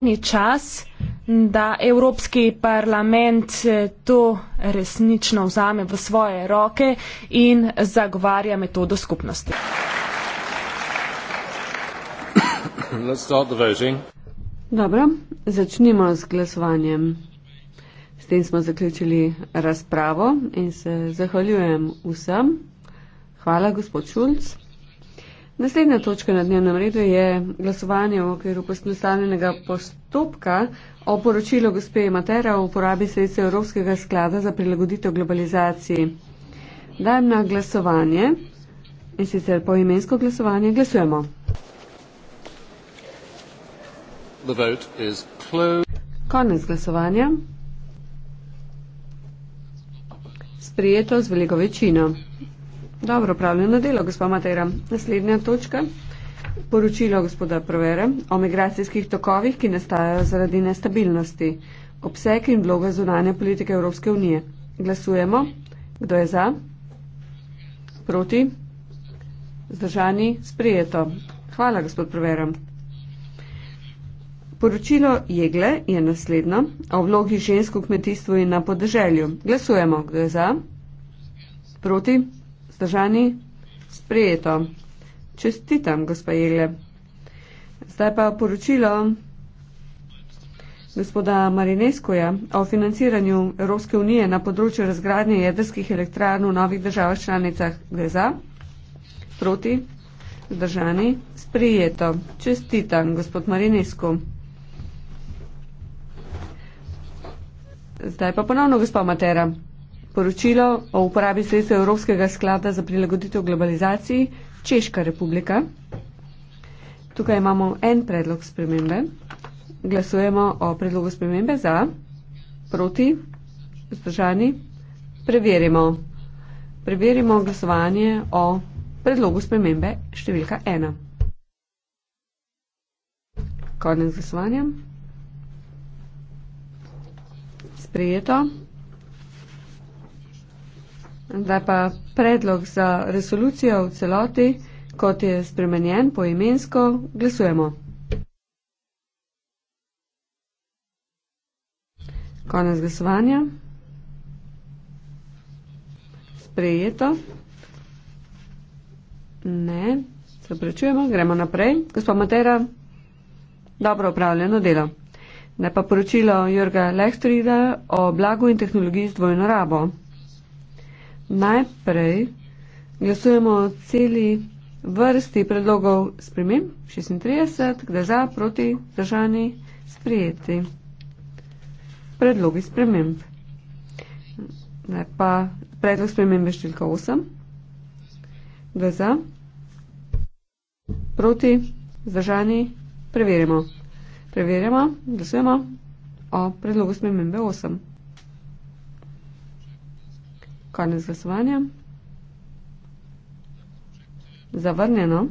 krajni čas, da Evropski parlament eh, to resnično vzame v svoje roke in zagovarja metodo skupnosti. Dobro, začnimo z glasovanjem. S tem smo zaključili razpravo in se zahvaljujem vsem. Hvala, gospod Šulc. Naslednja točka na dnevnem redu je glasovanje v okviru posnostavljenega postopka o poročilu gospe Matera o uporabi sredstev Evropskega sklada za prilagoditev globalizaciji. Dajem na glasovanje in sicer po imensko glasovanje glasujemo. Konec glasovanja. Sprijeto z veliko večino. Dobro upravljeno delo, gospa Matera. Naslednja točka. Poročilo gospoda Provere o migracijskih tokovih, ki nastajajo zaradi nestabilnosti. Obseg in vloga zunanje politike Evropske unije. Glasujemo. Kdo je za? Proti? Zdržani? Sprijeto. Hvala, gospod Provera. Poročilo Jegle je naslednjo o vlogi žensk v kmetijstvu in na podeželju. Glasujemo. Kdo je za? Proti? Zdržani? Sprejeto. Čestitam, gospa Jele. Zdaj pa poročilo gospoda Marineskoja o financiranju Evropske unije na področju razgradnje jedrskih elektrarn v novih državah članicah. Gre za? Proti? Zdržani? Sprejeto. Čestitam, gospod Marinesko. Zdaj pa ponovno gospod Matera. Poročilo o uporabi sredstva Evropskega sklada za prilagoditev globalizaciji Češka republika. Tukaj imamo en predlog spremembe. Glasujemo o predlogu spremembe za, proti, vzdržani. Preverimo. Preverimo glasovanje o predlogu spremembe številka 1. Konec glasovanja. Sprejeto. Zdaj pa predlog za resolucijo v celoti, kot je spremenjen po imensko, glasujemo. Konec glasovanja. Sprejeto. Ne. Se prečujemo, gremo naprej. Gospod Matera, dobro upravljeno delo. Ne pa poročilo Jurga Lehtrida o blagu in tehnologiji z dvojno rabo. Najprej glasujemo o celi vrsti predlogov spremem 36, kde za proti držani sprijeti predlogi sprememb. Zdaj pa predlog spremembe številka 8, kde za proti držani preverimo. Preverjamo, glasujemo o predlogu spremembe 8. Konec glasovanja. Zavrnjeno.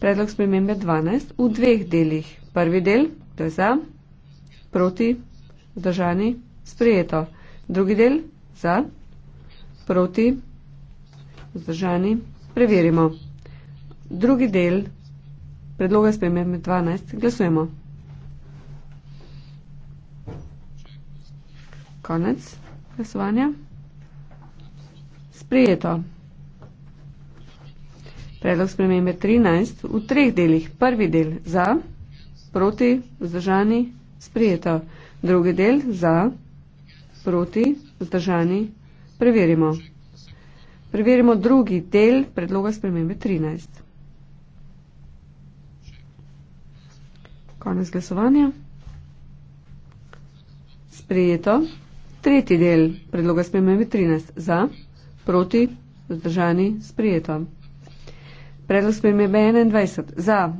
Predlog spremembe 12 v dveh delih. Prvi del, to je za, proti, vzdržani, sprejeto. Drugi del, za, proti, vzdržani, preverimo. Drugi del predloga spremembe 12 glasujemo. konec glasovanja. Sprejeto. Predlog spremembe 13 v treh delih. Prvi del za, proti, vzdržani, sprejeto. Drugi del za, proti, vzdržani, preverimo. Preverimo drugi del predloga spremembe 13. Konec glasovanja. Sprejeto. Tretji del predloga spremembe 13. Za, proti, zdržani, sprijeto. Predlog spremembe 21. Za,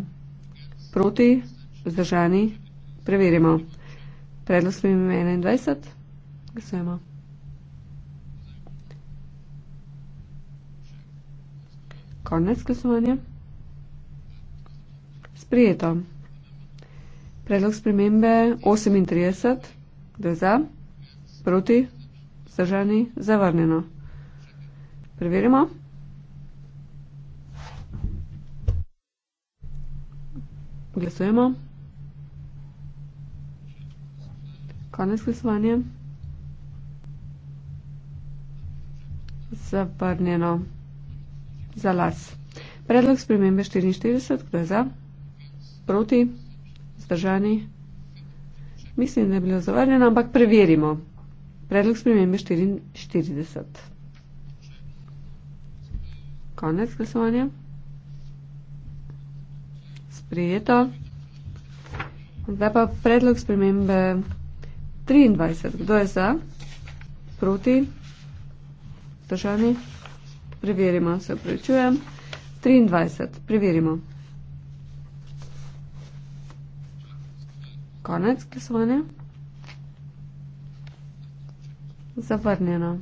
proti, zdržani, preverimo. Predlog spremembe 21. Glasujemo. Konec glasovanja. Sprijeto. Predlog spremembe 38. Kdo je za? Proti? Zdržani? Zavrnjeno. Preverimo. Glasujemo. Konec glasovanja. Zavrnjeno. Za las. Predlog spremembe 44. Kdo je za? Proti? Zdržani? Mislim, da je bilo zavrnjeno, ampak preverimo. Predlog spremembe 44. Konec glasovanja. Sprejeto. Zdaj pa predlog spremembe 23. Kdo je za? Proti? Zdržani? Preverimo, se upravičujem. 23. Preverimo. Konec glasovanja. Zavrnjeno.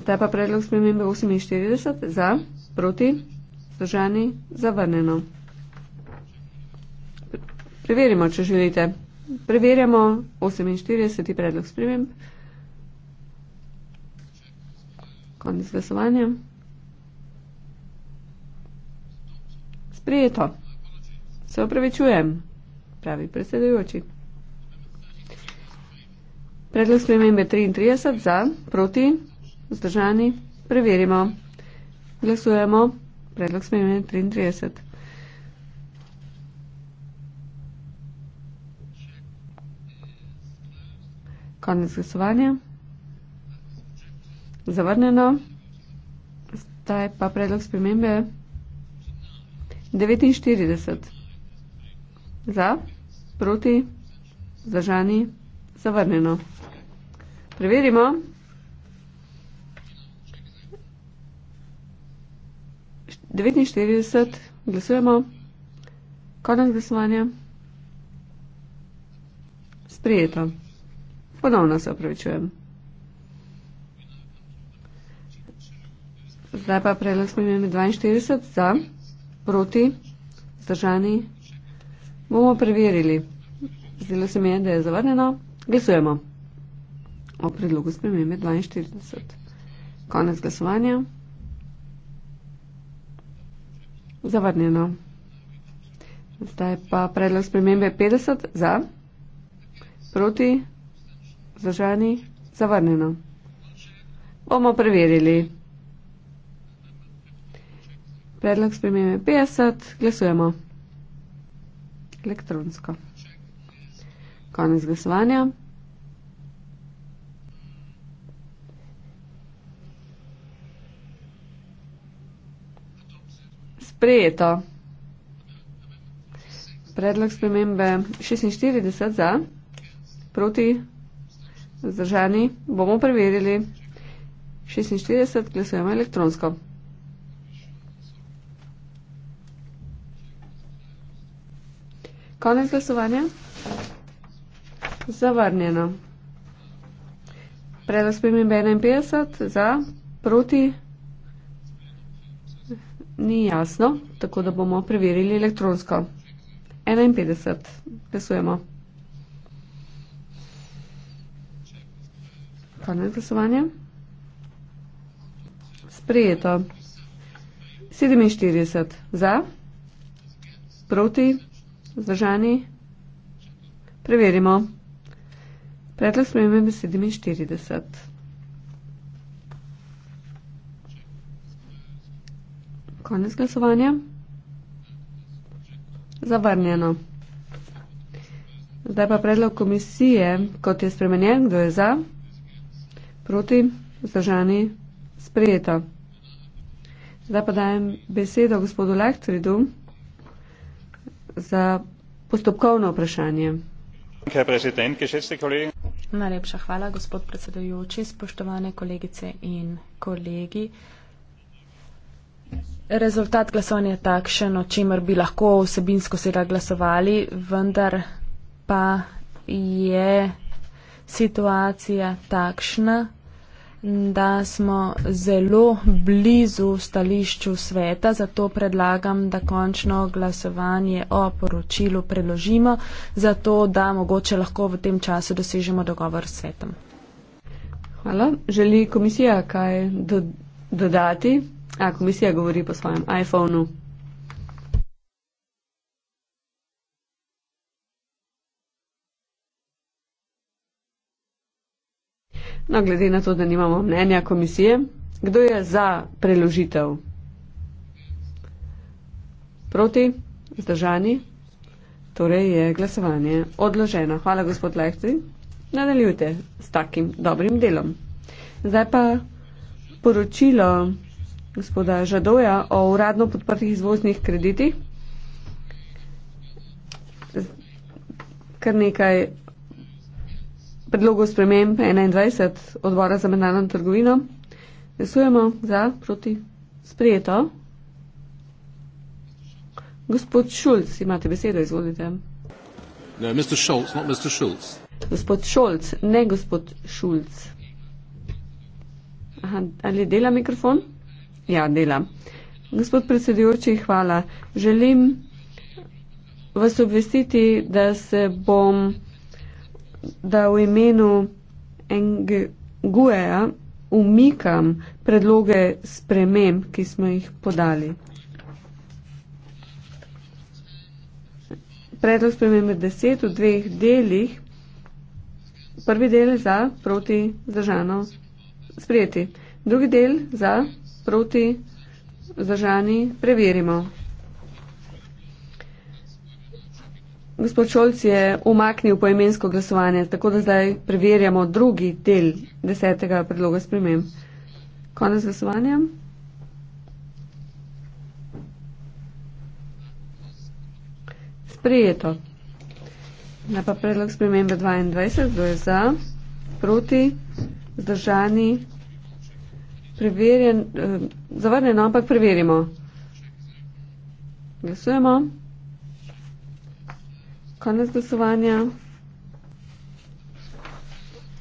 Zdaj pa predlog spremembe 48 za, proti, zdržani, zavrnjeno. Preverimo, če želite. Preverjamo 48. predlog sprememb. Konec glasovanja. Sprijeto. Se opravičujem, pravi predsedujoči. Predlog spremembe 33 za, proti, zdržani, preverimo. Glasujemo. Predlog spremembe 33. Konec glasovanja. Zavrnjeno. Zdaj pa predlog spremembe 49. Za, proti, zdržani, preverimo zavrnjeno. Preverimo. Devetinštirideset, glasujemo. Konec glasovanja. Sprejeto. Ponovno se opravičujem. Zdaj pa predlog smo imeli 42 za, proti, zdržani. Bomo preverili. Zdelo se mi je, da je zavrnjeno. Glasujemo o predlogu spremembe 42. Konec glasovanja. Zavrnjeno. Zdaj pa predlog spremembe 50 za, proti, zdržani, zavrnjeno. Bomo preverili. Predlog spremembe 50, glasujemo elektronsko. Konec glasovanja. Sprejeto. Predlog spremembe 46 za, proti, zdržani, bomo preverili. 46 glasujemo elektronsko. Konec glasovanja. Zavrnjeno. Predlog spremembe 51 za, proti. Ni jasno, tako da bomo preverili elektronsko. 51. Glasujemo. Konec glasovanja. Sprejeto. 47. Za. Proti. Zdržani. Preverimo. Predlog spremembe je 47. Konec glasovanja. Zavrnjeno. Zdaj pa predlog komisije, kot je spremenjen, kdo je za, proti, vzdržani, sprejeto. Zdaj pa dajem besedo gospodu Lehtridu za postopkovno vprašanje. Hvala, predsednik, še ste kolegi. Najlepša hvala, gospod predsedujoči, spoštovane kolegice in kolegi. Rezultat glasovanja je takšen, o čemer bi lahko vsebinsko seveda glasovali, vendar pa je situacija takšna, da smo zelo blizu stališču sveta, zato predlagam, da končno glasovanje o poročilu preložimo, zato da mogoče lahko v tem času dosežemo dogovor s svetom. Hvala. Želi komisija kaj dodati? A komisija govori po svojem iPhonu. No, glede na to, da nimamo mnenja komisije, kdo je za preložitev? Proti? Zdržani? Torej je glasovanje odloženo. Hvala, gospod Lehci. Nadaljujte s takim dobrim delom. Zdaj pa poročilo gospoda Žadoja o uradno podprtih izvoznih kreditih. Kar nekaj predlogu sprememb 21 odbora za mednarodno trgovino. Glasujemo za proti sprejeto. Gospod Šulc, imate besedo, izvolite. No, Mr. Schultz, not Mr. Schultz. Gospod Šulc, ne gospod Šulc. Aha, ali dela mikrofon? Ja, dela. Gospod predsedujoči, hvala. Želim vas obvestiti, da se bom da v imenu NGO-ja umikam predloge sprememb, ki smo jih podali. Predlog spremembe 10 v dveh delih. Prvi del za proti zdržano sprijeti. Drugi del za proti zdržani preverimo. Gospod Šolc je umaknil poemensko glasovanje, tako da zdaj preverjamo drugi del desetega predloga sprememb. Konec glasovanja. Sprejeto. Na pa predlog spremembe 22, kdo je za, proti, zdržani, preverjen, eh, zavrnjeno, ampak preverimo. Glasujemo. Glasujemo. Konec glasovanja.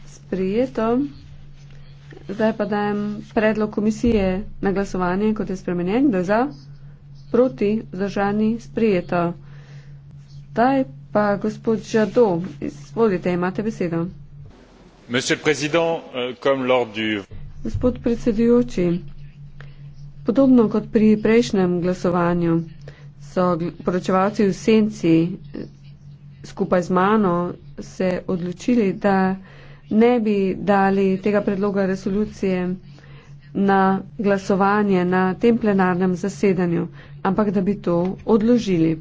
Sprijeto. Zdaj pa dajem predlog komisije na glasovanje, kot je spremenjen, da je za, proti, vzdržani, sprijeto. Zdaj pa gospod Žado, izvolite, imate besedo. Euh, gospod predsedujoči, podobno kot pri prejšnjem glasovanju so poročevalci v senci skupaj z mano se odločili, da ne bi dali tega predloga resolucije na glasovanje na tem plenarnem zasedanju, ampak da bi to odložili.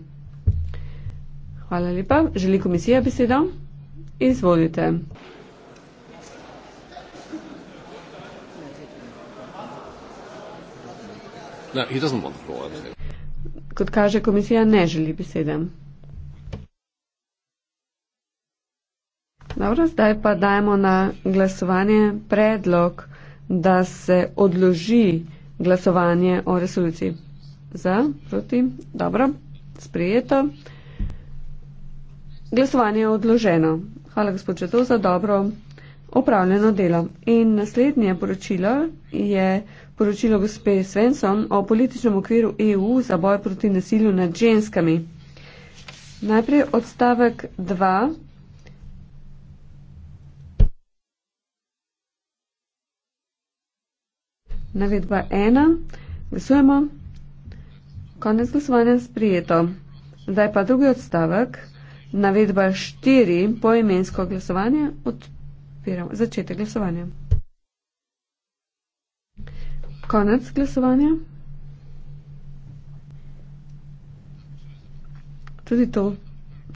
Hvala lepa. Želi komisija besedo? Izvolite. No, Kot kaže, komisija ne želi besede. Dobro, zdaj pa dajemo na glasovanje predlog, da se odloži glasovanje o resoluciji. Za, proti, dobro, sprijeto. Glasovanje je odloženo. Hvala, gospod Četov, za dobro opravljeno delo. In naslednje poročilo je poročilo gospe Svensson o političnem okviru EU za boj proti nasilju nad ženskami. Najprej odstavek 2 navedba ena, glasujemo, konec glasovanja sprijeto. Zdaj pa drugi odstavek, navedba štiri, poimensko glasovanje, odpiramo, začetek glasovanja. Konec glasovanja. Tudi to,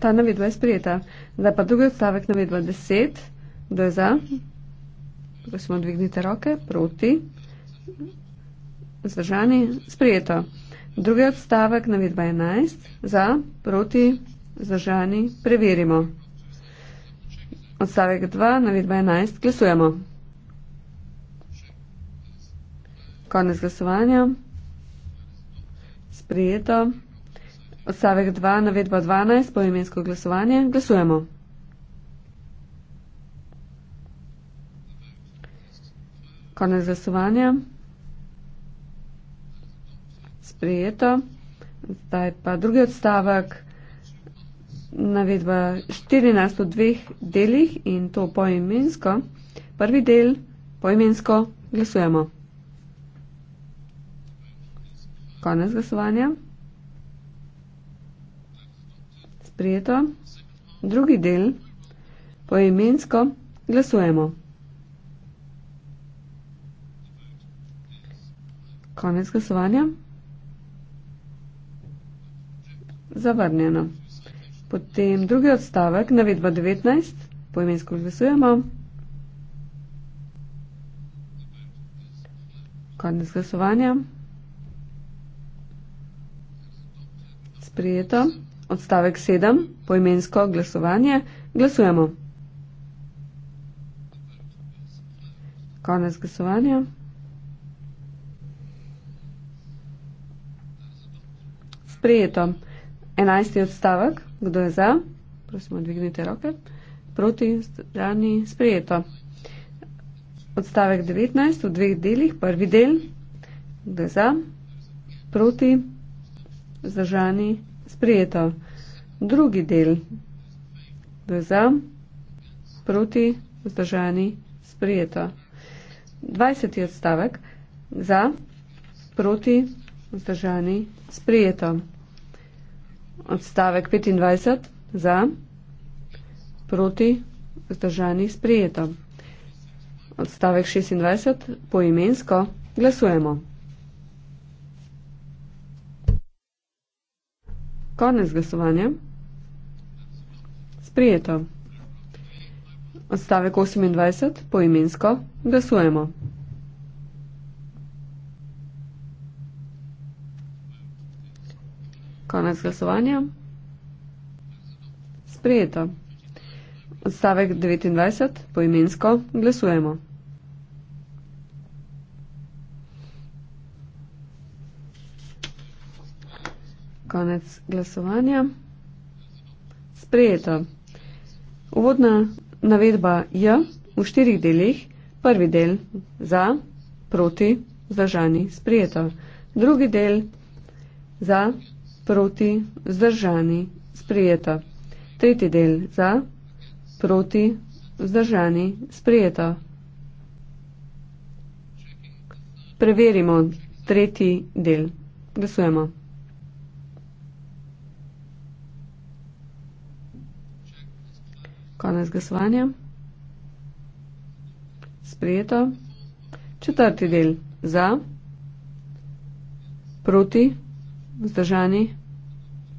ta navedba je sprijeta. Zdaj pa drugi odstavek, navedba deset, kdo je za? Prosimo, dvignite roke, proti. Zdržani, sprejeto. Drugi odstavek, navedba 11, za, proti, zdržani, preverimo. Odstavek 2, navedba 11, glasujemo. Konec glasovanja. Sprejeto. Odstavek 2, navedba 12, poimensko glasovanje, glasujemo. Konec glasovanja sprejeto. Zdaj pa drugi odstavek, navedba 14 v dveh delih in to poimensko. Prvi del poimensko glasujemo. Konec glasovanja. Sprijeto. Drugi del poimensko glasujemo. Konec glasovanja. zavrnjeno. Potem drugi odstavek, navedba 19, poimensko glasujemo. Konec glasovanja. Sprijeto. Odstavek 7, poimensko glasovanje. Glasujemo. Konec glasovanja. Sprijeto. 11. odstavek. Kdo je za? Prosim, dvignite roke. Proti strani sprijeto. Odstavek 19 v dveh delih. Prvi del. Kdo je za? Proti zdržani sprijeto. Drugi del. Kdo je za? Proti zdržani sprijeto. 20. odstavek. Za? Proti vzdržani sprijeto odstavek 25 za, proti, zdržani, sprijeto. Odstavek 26 poimensko glasujemo. Konec glasovanja. Sprijeto. Odstavek 28 poimensko glasujemo. Konec glasovanja. Sprejeto. Odstavek 29. Poimensko glasujemo. Konec glasovanja. Sprejeto. Uvodna navedba J v štirih delih. Prvi del za, proti, zdržani. Sprejeto. Drugi del za, proti, vzdržani, sprijeta. Tretji del za, proti, vzdržani, sprijeta. Preverimo tretji del. Glasujemo. Konec glasovanja. Sprijeto. Četrti del za, proti, vzdržani,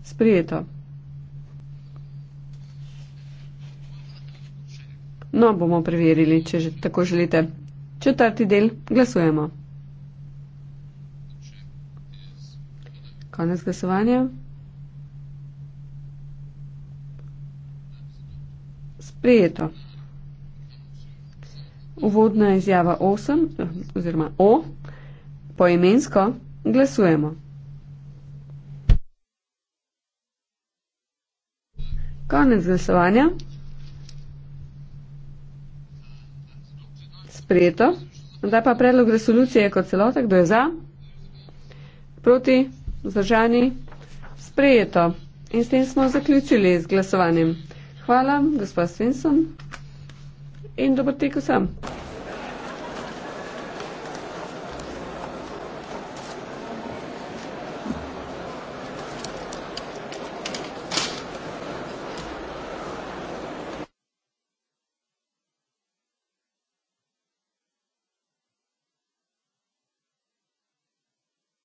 Sprijeto. No, bomo preverili, če že tako želite. Četrti del, glasujemo. Konec glasovanja. Sprijeto. Uvodna izjava 8 eh, oziroma O, poimensko, glasujemo. Konec glasovanja. Sprejeto. Zdaj pa predlog resolucije kot celotek, kdo je za, proti, vzdržani, sprejeto. In s tem smo zaključili z glasovanjem. Hvala, gospod Svensson. In dober tek vsem.